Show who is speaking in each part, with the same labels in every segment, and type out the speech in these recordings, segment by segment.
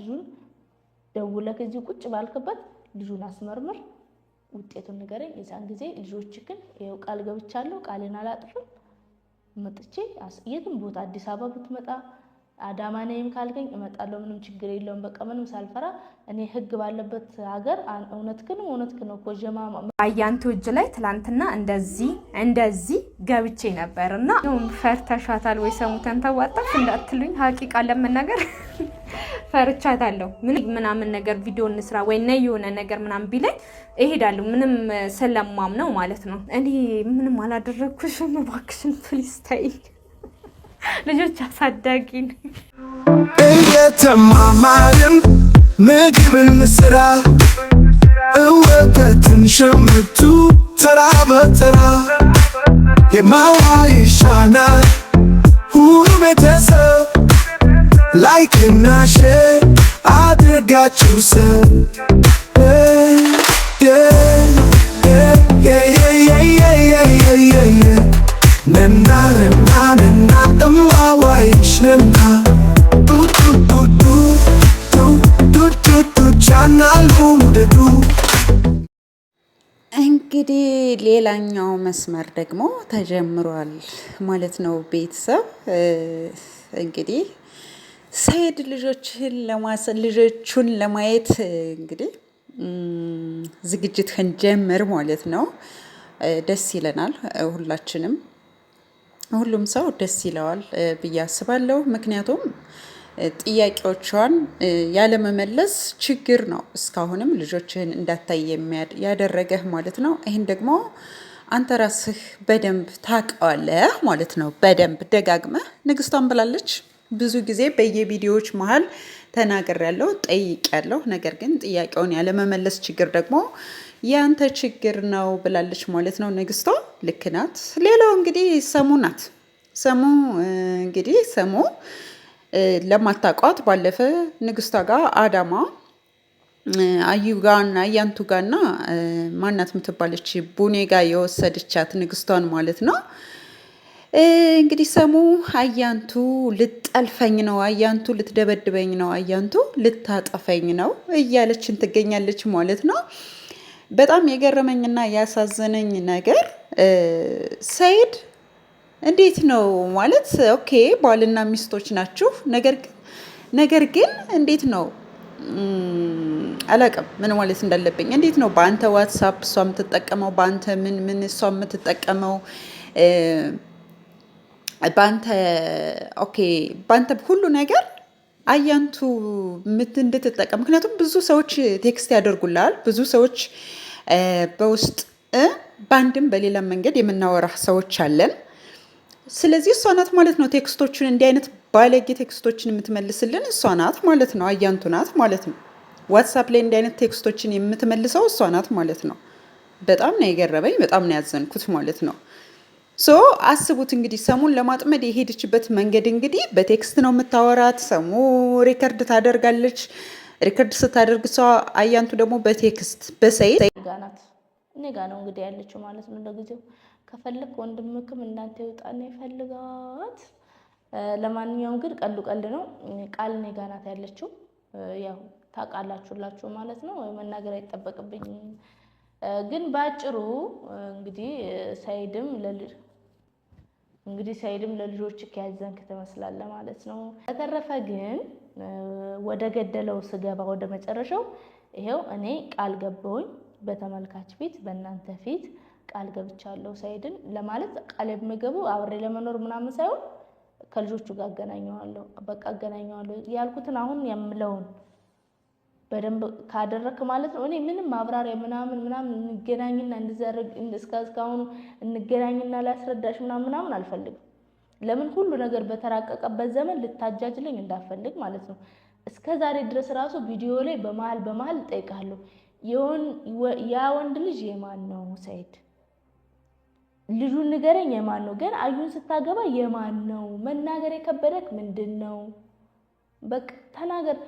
Speaker 1: ልጁን ደውለህ እዚህ ቁጭ ባልክበት ልጁን አስመርምር፣ ውጤቱን ንገረኝ። የዛን ጊዜ ግን ይኸው ቃል ገብቻለሁ፣ ቃሌን አላጥፍም፣ መጥቼ የትም ቦታ አዲስ አበባ ብትመጣ አዳማ ነይም ካልከኝ እመጣለሁ። ምንም ችግር የለውም። በቃ ምንም ሳልፈራ እኔ ህግ ባለበት ሀገር እውነትህን እውነትህን ነው እኮ ጀማ
Speaker 2: አያንቱ እጅ ላይ ትላንትና እንደዚህ እንደዚህ ገብቼ ነበር እና ፈርተሻታል ወይ ሰሙተን ተዋጣፍ እንዳትሉኝ ሀቂቃ ነገር ፈርቻታለሁ። ምን ምናምን ነገር ቪዲዮ እንስራ ወይ ነይ የሆነ ነገር ምናምን ቢለኝ እሄዳለሁ። ምንም ስለማም ነው ማለት ነው። እኔ ምንም አላደረግኩሽም፣ እባክሽን ፕሊስ ተይኝ። ልጆች አሳዳጊ እየተማማርን ምግብ እንስራ፣ እወተትን ሸምቱ ተራ በተራ የማዋ ይሻናል ሁሉ ቤተሰብ ላይክ እና ሼር አድርጋችሁ እንግዲህ ሌላኛው መስመር ደግሞ ተጀምሯል ማለት ነው ቤተሰብ እንግዲህ ሰይድ ልጆችን ልጆቹን ለማየት እንግዲህ ዝግጅትህን ጀምር ማለት ነው። ደስ ይለናል ሁላችንም፣ ሁሉም ሰው ደስ ይለዋል ብዬ አስባለሁ። ምክንያቱም ጥያቄዎቿን ያለመመለስ ችግር ነው እስካሁንም ልጆችህን እንዳታይ ያደረገህ ማለት ነው። ይህን ደግሞ አንተ ራስህ በደንብ ታውቀዋለህ ማለት ነው። በደንብ ደጋግመህ ንግስቷን ብላለች ብዙ ጊዜ በየቪዲዮዎች መሀል ጠይቅ ያለው ነገር ግን ጥያቄውን ያለመመለስ ችግር ደግሞ ያንተ ችግር ነው ብላለች ማለት ነው ንግስቷ። ልክ ናት። ሌላው እንግዲህ ሰሙ ናት። ሰሙ እንግዲህ ሰሙ ለማታቋት ባለፈ ንግስቷ ጋር አዳማ አዩ ጋና አያንቱ ጋና ማናት የምትባለች ቡኔ ጋር የወሰደቻት ንግስቷን ማለት ነው እንግዲህ ሰሙ አያንቱ ልጠልፈኝ ነው፣ አያንቱ ልትደበድበኝ ነው፣ አያንቱ ልታጠፈኝ ነው እያለችን ትገኛለች ማለት ነው። በጣም የገረመኝና ያሳዘነኝ ነገር ሰይድ እንዴት ነው ማለት ኦኬ፣ ባልና ሚስቶች ናችሁ። ነገር ግን ነገር ግን እንዴት ነው አላውቅም ምን ማለት እንዳለብኝ። እንዴት ነው በአንተ ዋትሳፕ እሷ የምትጠቀመው፣ በአንተ ምን ምን እሷ የምትጠቀመው በአንተ ኦኬ በአንተ ሁሉ ነገር አያንቱ እንድትጠቀም ምክንያቱም ብዙ ሰዎች ቴክስት ያደርጉላል። ብዙ ሰዎች በውስጥ በአንድም በሌላ መንገድ የምናወራ ሰዎች አለን። ስለዚህ እሷ ናት ማለት ነው ቴክስቶቹን እንዲህ አይነት ባለጌ ቴክስቶችን የምትመልስልን እሷ ናት ማለት ነው። አያንቱ ናት ማለት ነው። ዋትሳፕ ላይ እንዲህ አይነት ቴክስቶችን የምትመልሰው እሷ ናት ማለት ነው። በጣም ነው የገረበኝ፣ በጣም ነው ያዘንኩት ማለት ነው። ሶ አስቡት እንግዲህ ሰሙን ለማጥመድ የሄደችበት መንገድ እንግዲህ በቴክስት ነው የምታወራት። ሰሙ ሪከርድ ታደርጋለች። ሪከርድ ስታደርግ እሷ አያንቱ ደግሞ በቴክስት በሰይድ
Speaker 1: ጋናት እኔ ጋ ነው እንግዲህ ያለችው ማለት ነው። ለጊዜው ከፈልግ ወንድምክም እናንተ ይውጣና ይፈልጋት። ለማንኛውም ግን ቀሉ ቀልድ ነው። ቃል እኔ ጋናት ያለችው ያው ታውቃላችሁላችሁ ማለት ነው። መናገር አይጠበቅብኝም። ግን በአጭሩ እንግዲህ ሰይድም እንግዲህ ሰኢድም ለልጆች ከያዘንክ ትመስላለ ማለት ነው። በተረፈ ግን ወደ ገደለው ስገባ ወደ መጨረሻው ይሄው እኔ ቃል ገበውኝ በተመልካች ፊት በእናንተ ፊት ቃል ገብቻለሁ ሰኢድን ለማለት ቃል የምገቡ አብሬ ለመኖር ምናምን ሳይሆን ከልጆቹ ጋር አገናኘዋለሁ፣ በቃ አገናኘዋለሁ ያልኩትን አሁን የምለውን በደንብ ካደረክ ማለት ነው። እኔ ምንም ማብራሪያ ምናምን ምናምን እንገናኝና እንዲዘረግ እስካሁኑ እንገናኝና ላስረዳሽ ምናምን ምናምን አልፈልግም። ለምን ሁሉ ነገር በተራቀቀበት ዘመን ልታጃጅለኝ እንዳፈልግ ማለት ነው። እስከ ዛሬ ድረስ ራሱ ቪዲዮ ላይ በመሀል በመሀል እጠይቃለሁ፣ ያ ወንድ ልጅ የማን ነው? ሰይድ ልጁን ንገረኝ፣ የማን ነው? ግን አዩን ስታገባ የማን ነው? መናገር የከበደክ ምንድን ነው? በቃ ተናገር።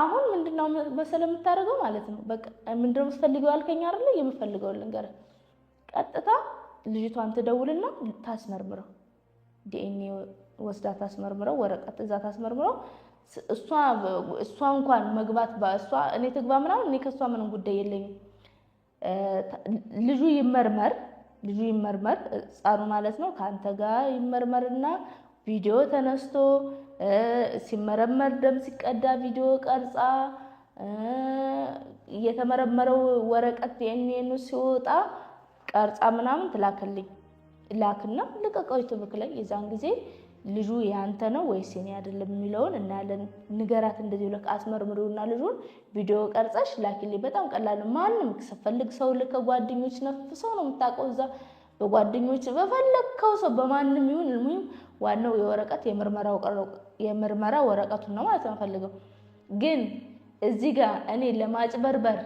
Speaker 1: አሁን ምንድነው መሰለ የምታደርገው ማለት ነው። በቃ ምንድነው የምትፈልገው ያልከኝ አይደለ? የምፈልገው ልንገርህ። ቀጥታ ልጅቷን ትደውልና ታስመርምረው፣ ዲኤንኤ ወስዳ ታስመርምረው፣ ወረቀት እዛ ታስመርምረው። እሷ እሷ እንኳን መግባት እሷ እኔ ትግባ ምናምን እኔ ከእሷ ምንም ጉዳይ የለኝም። ልጁ ይመርመር፣ ልጁ ይመርመር፣ ሕፃኑ ማለት ነው። ከአንተ ጋር ይመርመርና ቪዲዮ ተነስቶ ሲመረመር ደም ሲቀዳ ቪዲዮ ቀርጻ የተመረመረው ወረቀት ዲኤንኤኑ ሲወጣ ቀርጻ ምናምን ትላክልኝ ላክና ልቀቀው ዩቱብክ ላይ የዛን ጊዜ ልጁ ያንተ ነው ወይስ የኔ አይደለም የሚለውን እናያለን። ንገራት እንደዚህ ብለህ አስመርምሪውና ልጁን ቪዲዮ ቀርጸሽ ላኪልኝ። በጣም ቀላል። ማንም ስፈልግ ሰው ልከ ጓደኞች ነፍሰው ነው የምታውቀው እዛ በጓደኞች በፈለግከው ሰው በማንም ይሁን ልሙም ዋናው የወረቀት የምርመራ ወረቀቱን ነው ማለት ነው ፈልገው ግን እዚህ ጋር እኔ ለማጭበርበር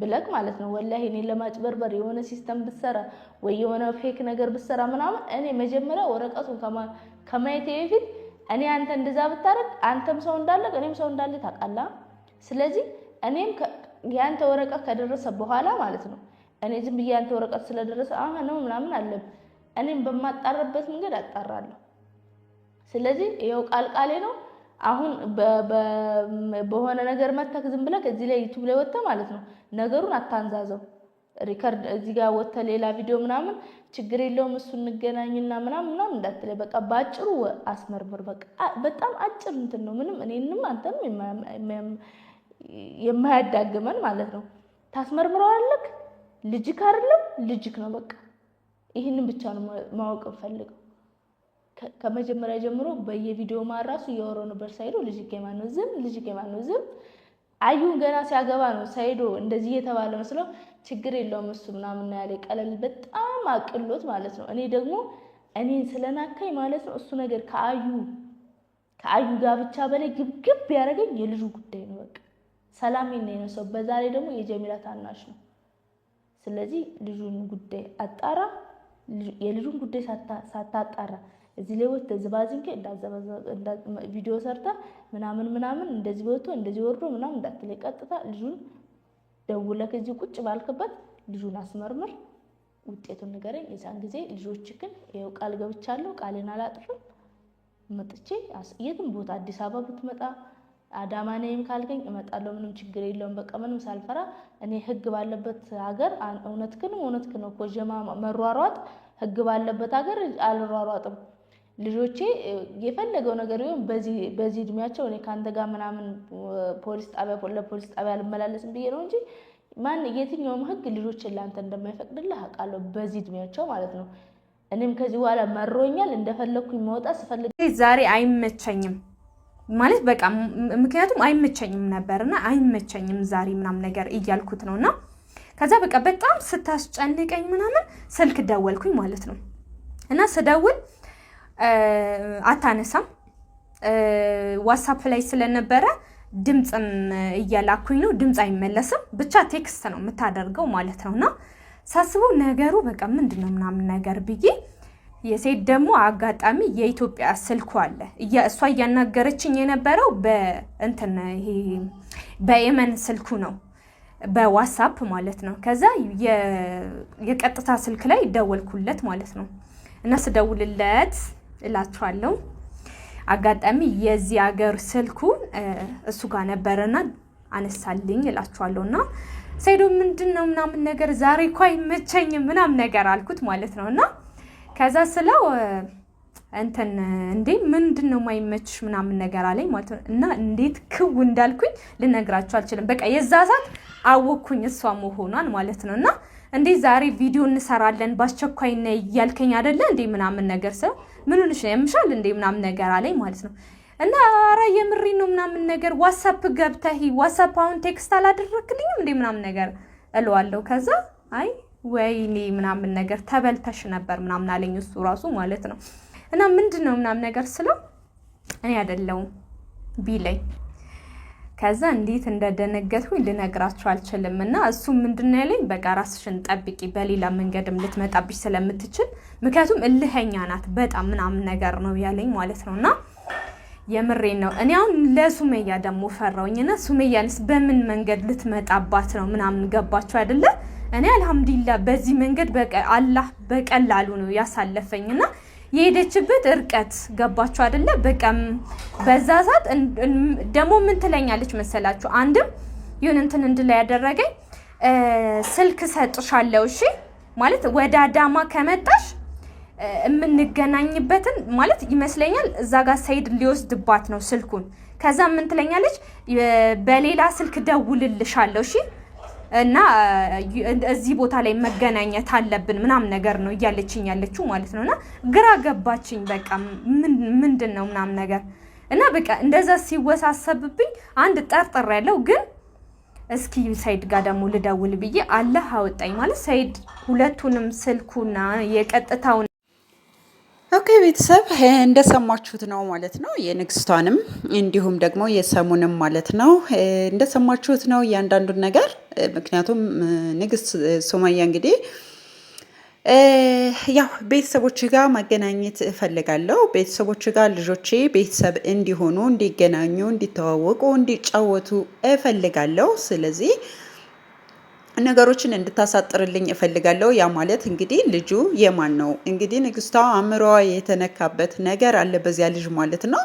Speaker 1: ብለክ ማለት ነው ወላሂ እኔ ለማጭበርበር የሆነ ሲስተም ብሰራ ወይ የሆነ ፌክ ነገር ብሰራ ምናምን እኔ መጀመሪያ ወረቀቱን ከማየቴ በፊት እኔ አንተ እንደዛ ብታረግ አንተም ሰው እንዳለ እኔም ሰው እንዳለ ታውቃላ። ስለዚህ እኔም የአንተ ወረቀት ከደረሰ በኋላ ማለት ነው እኔ ዝም ብዬ አንተ ወረቀት ስለደረሰ አሁን ነው ምናምን አለብ እኔም በማጣረበት መንገድ አጣራለሁ። ስለዚህ ይኸው ቃል ቃሌ ነው። አሁን በሆነ ነገር መተክ ዝም ብለህ እዚህ ላይ ዩቱብ ላይ ወጥተህ ማለት ነው ነገሩን አታንዛዘው። ሪከርድ እዚህ ጋር ወጥተህ ሌላ ቪዲዮ ምናምን ችግር የለውም እሱ እንገናኝና ምናምን ምናምን እንዳትለኝ። በቃ በአጭሩ አስመርምር። በቃ በጣም አጭር እንትን ነው ምንም እኔንም አንተም የማያዳግመን ማለት ነው። ታስመርምረዋለክ ልጅክ አይደለም ልጅክ ነው። በቃ ይህንን ብቻ ነው ማወቅ እንፈልገው። ከመጀመሪያ ጀምሮ በየቪዲዮ ማራሱ እያወራው ነበር። ሳይዶ ልጅ ኬማ ነው ዝም ልጅ ኬማ ነው ዝም። አዩን ገና ሲያገባ ነው ሳይዶ እንደዚህ የተባለ መስለው ችግር የለውም እሱ ምናምን ያለ ቀለል በጣም አቅሎት ማለት ነው። እኔ ደግሞ እኔን ስለናካኝ ማለት ነው እሱ ነገር ከአዩ ከአዩ ጋር ብቻ በላይ ግብግብ ያደረገኝ የልጁ ጉዳይ ነው። በቃ ሰላሜን ነው የነሰው። በዛ ላይ ደግሞ የጀሚላ ታናሽ ነው። ስለዚህ ልጁን ጉዳይ አጣራ የልጁን ጉዳይ ሳታጣራ እዚህ ላይ ወጥተህ እዚህ ባዝንኬ ቪዲዮ ሰርታ ምናምን ምናምን እንደዚህ ወጥቶ እንደዚህ ወርዶ ምናምን እንዳትለኝ። ቀጥታ ልጁን ደውለህ እዚህ ቁጭ ባልክበት ልጁን አስመርምር፣ ውጤቱን ንገረኝ። የዛን ጊዜ ልጆችህን ይኸው ቃል ገብቻለሁ፣ ቃሌን አላጥፍም። መጥቼ የትም ቦታ አዲስ አበባ ብትመጣ አዳማ ነይም ካልከኝ እመጣለሁ። ምንም ችግር የለውም። በቃ ምንም ሳልፈራ እኔ ህግ ባለበት ሀገር እውነትህን እውነትህን ነው ኮጀማ መሯሯጥ ህግ ባለበት ሀገር አልሯሯጥም። ልጆቼ የፈለገው ነገር ቢሆን በዚህ እድሜያቸው እኔ ከአንተ ጋር ምናምን ፖሊስ ጣቢያ ለፖሊስ ጣቢያ አልመላለስም ብዬ ነው እንጂ ማን የትኛውም ህግ ልጆችን ለአንተ እንደማይፈቅድልህ አውቃለሁ። በዚህ እድሜያቸው ማለት ነው። እኔም ከዚህ በኋላ መሮኛል። እንደፈለግኩኝ መውጣት ስፈልግ
Speaker 2: ዛሬ አይመቸኝም ማለት በቃ ምክንያቱም አይመቸኝም ነበርና አይመቸኝም ዛሬ ምናምን ነገር እያልኩት ነው እና ከዛ በቃ በጣም ስታስጨንቀኝ ምናምን ስልክ ደወልኩኝ ማለት ነው እና ስደውል አታነሳም። ዋትሳፕ ላይ ስለነበረ ድምፅም እያላኩኝ ነው። ድምፅ አይመለስም፣ ብቻ ቴክስት ነው የምታደርገው ማለት ነው። እና ሳስበው ነገሩ በቃ ምንድን ነው ምናምን ነገር ብዬ የሴት ደግሞ አጋጣሚ የኢትዮጵያ ስልኩ አለ። እሷ እያናገረችኝ የነበረው በእንትን ይሄ በየመን ስልኩ ነው፣ በዋትሳፕ ማለት ነው። ከዛ የቀጥታ ስልክ ላይ ደወልኩለት ማለት ነው እና ስደውልለት እላችኋለሁ። አጋጣሚ የዚህ ሀገር ስልኩ እሱ ጋር ነበረና አነሳልኝ እላችኋለሁ እና ሰይዶ ምንድን ነው ምናምን ነገር ዛሬ እኮ አይመቸኝም ምናምን ነገር አልኩት ማለት ነው። እና ከዛ ስለው እንትን እንዴ ምንድን ነው ማይመችሽ ምናምን ነገር አለኝ ማለት ነው። እና እንዴት ክው እንዳልኩኝ ልነግራችሁ አልችልም። በቃ የዛ ሰዓት አወቅኩኝ እሷ መሆኗን ማለት ነው እና እንዴ ዛሬ ቪዲዮ እንሰራለን በአስቸኳይ ነ እያልከኝ አደለ እንዴ ምናምን ነገር ስለው ምን ሆንሽ ነው የምሻል እንዴ ምናምን ነገር አለኝ ማለት ነው። እና ኧረ የምሬ ነው ምናምን ነገር ዋትሳፕ ገብተህ ዋትሳፕ አሁን ቴክስት አላደረክልኝም እንዴ ምናምን ነገር እለዋለሁ። ከዛ አይ ወይኔ ምናምን ነገር ተበልተሽ ነበር ምናምን አለኝ እሱ ራሱ ማለት ነው። እና ምንድን ነው ምናምን ነገር ስለው እኔ አይደለሁም ቢለኝ ከዛ እንዴት እንደደነገጥኩኝ ልነግራችሁ አልችልም። እና እሱ ምንድን ያለኝ በቃ ራስሽን ጠብቂ፣ በሌላ መንገድም ልትመጣብሽ ስለምትችል ምክንያቱም እልኸኛ ናት በጣም ምናምን ነገር ነው ያለኝ ማለት ነው እና የምሬን ነው። እኔ አሁን ለሱሜያ ደግሞ ፈራውኝና ሱሜያንስ በምን መንገድ ልትመጣባት ነው ምናምን ገባችሁ አይደለ? እኔ አልሐምዱሊላ በዚህ መንገድ አላህ በቀላሉ ነው ያሳለፈኝ ና። የሄደችበት እርቀት ገባችሁ አደለ በቀም በዛ ሰዓት ደግሞ ምን ትለኛለች መሰላችሁ? አንድም ይሁን እንትን እንድላ ያደረገኝ ስልክ ሰጥሻለው። እሺ ማለት ወደ አዳማ ከመጣሽ የምንገናኝበትን ማለት ይመስለኛል። እዛ ጋር ሰይድ ሊወስድባት ነው ስልኩን። ከዛ ምን ትለኛለች? በሌላ ስልክ ደውልልሻለሁ። እሺ እና እዚህ ቦታ ላይ መገናኘት አለብን ምናምን ነገር ነው እያለችኝ ያለችው ማለት ነው። እና ግራ ገባችኝ። በቃ ምንድን ነው ምናምን ነገር እና በቃ እንደዛ ሲወሳሰብብኝ አንድ ጠርጥር ያለው ግን እስኪ ሰይድ ጋር ደግሞ ልደውል ብዬ አላህ አወጣኝ ማለት ሰይድ ሁለቱንም ስልኩና የቀጥታውን ኦኬ ቤተሰብ እንደሰማችሁት ነው ማለት ነው። የንግስቷንም እንዲሁም ደግሞ የሰሙንም ማለት ነው እንደሰማችሁት ነው እያንዳንዱን ነገር ምክንያቱም ንግስት ሱመያ እንግዲህ ያው ቤተሰቦች ጋር ማገናኘት እፈልጋለሁ። ቤተሰቦች ጋር ልጆቼ ቤተሰብ እንዲሆኑ፣ እንዲገናኙ፣ እንዲተዋወቁ፣ እንዲጫወቱ እፈልጋለሁ። ስለዚህ ነገሮችን እንድታሳጥርልኝ እፈልጋለሁ። ያ ማለት እንግዲህ ልጁ የማን ነው እንግዲህ ንግስቷ አእምሮዋ የተነካበት ነገር አለ በዚያ ልጅ ማለት ነው።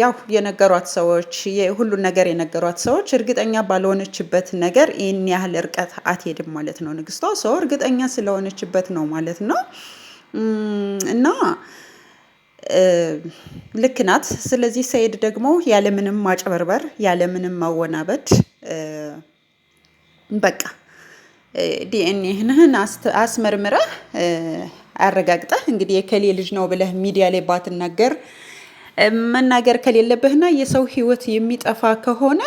Speaker 2: ያው የነገሯት ሰዎች ሁሉን ነገር የነገሯት ሰዎች እርግጠኛ ባልሆነችበት ነገር ይህን ያህል እርቀት አትሄድም ማለት ነው ንግስቷ። ሰው እርግጠኛ ስለሆነችበት ነው ማለት ነው እና ልክ ናት። ስለዚህ ሰኢድ ደግሞ ያለምንም ማጭበርበር ያለምንም ማወናበድ በቃ ዲኤንኤህን አስመርምረህ አረጋግጠህ እንግዲህ የከሌ ልጅ ነው ብለህ ሚዲያ ላይ ባትናገር መናገር ከሌለብህና የሰው ህይወት የሚጠፋ ከሆነ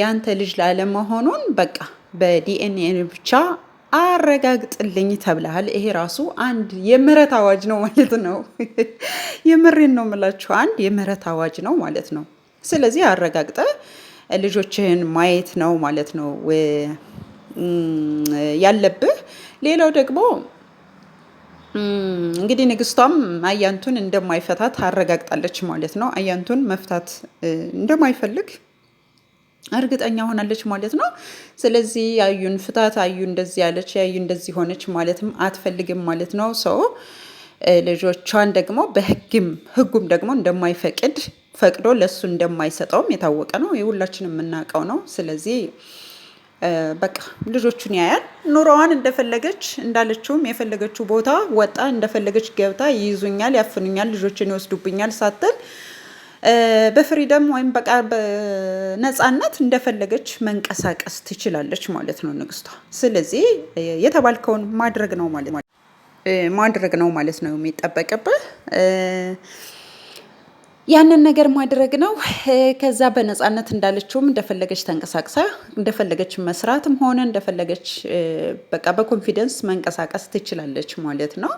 Speaker 2: ያንተ ልጅ ላለመሆኑን በቃ በዲኤንኤ ብቻ አረጋግጥልኝ ተብለሃል። ይሄ ራሱ አንድ የምህረት አዋጅ ነው ማለት ነው። የምሬን ነው የምላችሁ፣ አንድ የምህረት አዋጅ ነው ማለት ነው። ስለዚህ አረጋግጠህ ልጆችህን ማየት ነው ማለት ነው ያለብህ። ሌላው ደግሞ እንግዲህ ንግስቷም አያንቱን እንደማይፈታት አረጋግጣለች ማለት ነው። አያንቱን መፍታት እንደማይፈልግ እርግጠኛ ሆናለች ማለት ነው። ስለዚህ አዩን ፍታት፣ አዩ እንደዚህ ያለች፣ አዩ እንደዚህ ሆነች ማለትም አትፈልግም ማለት ነው። ሰው ልጆቿን ደግሞ በህግም ህጉም ደግሞ እንደማይፈቅድ ፈቅዶ ለእሱ እንደማይሰጠውም የታወቀ ነው፣ የሁላችን የምናውቀው ነው። ስለዚህ በቃ ልጆቹን ያያል፣ ኑሮዋን እንደፈለገች እንዳለችውም የፈለገችው ቦታ ወጣ እንደፈለገች ገብታ ይይዙኛል፣ ያፍኑኛል፣ ልጆችን ይወስዱብኛል ሳትል በፍሪደም ወይም በቃ በነፃነት እንደፈለገች መንቀሳቀስ ትችላለች ማለት ነው ንግስቷ። ስለዚህ የተባልከውን ማድረግ ነው ማለት ማድረግ ነው ማለት ነው የሚጠበቅብህ። ያንን ነገር ማድረግ ነው። ከዛ በነፃነት እንዳለችውም እንደፈለገች ተንቀሳቅሳ እንደፈለገች መስራትም ሆነ እንደፈለገች በቃ በኮንፊደንስ መንቀሳቀስ ትችላለች ማለት ነው።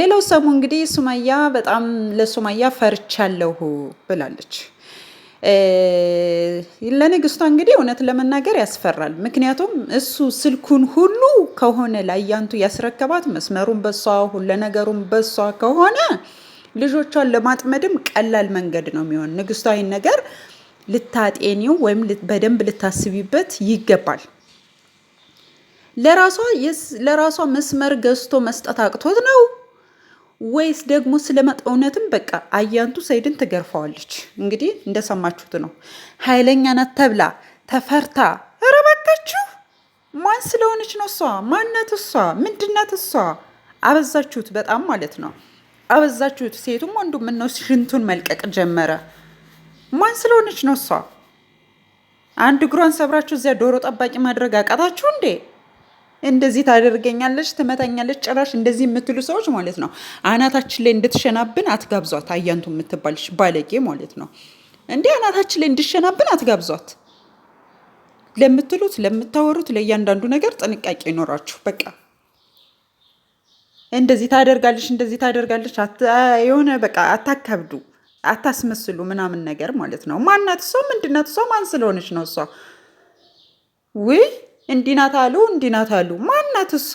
Speaker 2: ሌላው ሰሙ እንግዲህ ሱማያ በጣም ለሱማያ ፈርቻለሁ ብላለች። ለንግስቷ እንግዲህ እውነት ለመናገር ያስፈራል። ምክንያቱም እሱ ስልኩን ሁሉ ከሆነ ላይ ያንቱ ያስረከባት መስመሩን በሷ ሁሉ ነገሩን በሷ ከሆነ ልጆቿን ለማጥመድም ቀላል መንገድ ነው የሚሆን። ንግስቷ ይህን ነገር ልታጤኒው ወይም በደንብ ልታስቢበት ይገባል። ለራሷ መስመር ገዝቶ መስጠት አቅቶት ነው ወይስ ደግሞ ስለመጣ እውነትም በቃ አያንቱ ሰይድን ትገርፈዋለች። እንግዲህ እንደሰማችሁት ነው። ኃይለኛ ናት ተብላ ተፈርታ ረበቃችሁ። ማን ስለሆነች ነው እሷ? ማናት እሷ? ምንድናት እሷ? አበዛችሁት በጣም ማለት ነው። አበዛችሁት። ሴቱም ወንዱ ምን ነው ሽንቱን መልቀቅ ጀመረ። ማን ስለሆነች ነው እሷ? አንድ እግሯን ሰብራችሁ እዚያ ዶሮ ጠባቂ ማድረግ አቃታችሁ እንዴ? እንደዚህ ታደርገኛለች፣ ትመታኛለች። ጭራሽ እንደዚህ የምትሉ ሰዎች ማለት ነው አናታችን ላይ እንድትሸናብን አትጋብዟት። አያንቱ የምትባልሽ ባለጌ ማለት ነው እንዲህ አናታችን ላይ እንድሸናብን አትጋብዟት። ለምትሉት ለምታወሩት ለእያንዳንዱ ነገር ጥንቃቄ ይኖራችሁ በቃ። እንደዚህ ታደርጋለች እንደዚህ ታደርጋለች የሆነ በቃ አታከብዱ፣ አታስመስሉ ምናምን ነገር ማለት ነው። ማናት እሷ? ምንድናት እሷ? ማን ስለሆነች ነው እሷ? ውይ እንዲናት አሉ እንዲናት አሉ። ማናት እሷ?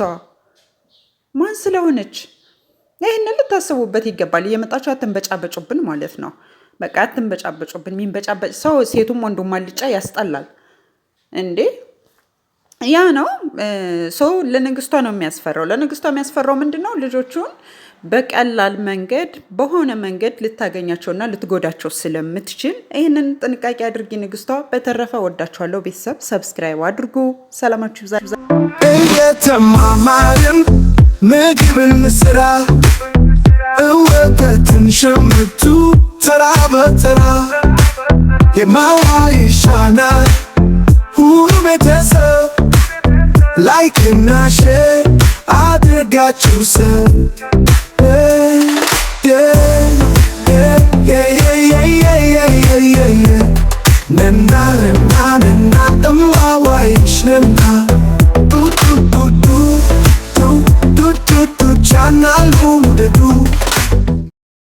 Speaker 2: ማን ስለሆነች? ይህንን ልታስቡበት ይገባል። እየመጣችሁ አትንበጫበጩብን ማለት ነው። በቃ አትንበጫበጩብን። የሚንበጫበጭ ሰው ሴቱም ወንዱም አልጫ ያስጠላል እንዴ! ያ ነው ሰው ለንግስቷ ነው የሚያስፈራው። ለንግስቷ የሚያስፈራው ምንድን ነው? ልጆቹን በቀላል መንገድ በሆነ መንገድ ልታገኛቸውና ልትጎዳቸው ስለምትችል ይህንን ጥንቃቄ አድርጊ ንግስቷ። በተረፈ ወዳችኋለሁ ቤተሰብ። ሰብስክራይብ አድርጉ። ሰላማችሁ ይብዛ። እየተማማርን ምግብን ስራ እወተትን ሸምቱ ተራ በተራ ሁሉ ቤተሰብ Like in a shade, I did got you, sir.